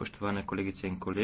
spoštovane kolegice in kolegi.